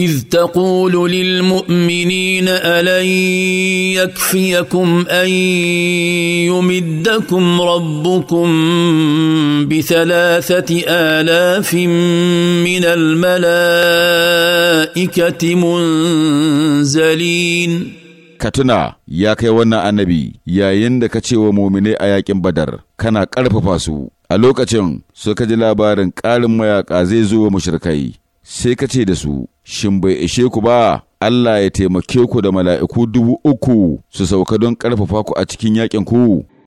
إذ تقول للمؤمنين ألن يكفيكم أن يمدكم ربكم بثلاثة آلاف من الملائكة منزلين ka tuna ya kai wannan annabi yayin da ka ce wa muminai a yakin badar kana ƙarfafa su a lokacin suka ji labarin ƙarin mayaƙa zai zo wa mushrikai sai ka ce da su, Shin bai ishe ku ba, Allah ya taimake ku da mala'iku dubu uku su sauka don ƙarfafa ku a cikin yaƙin ku.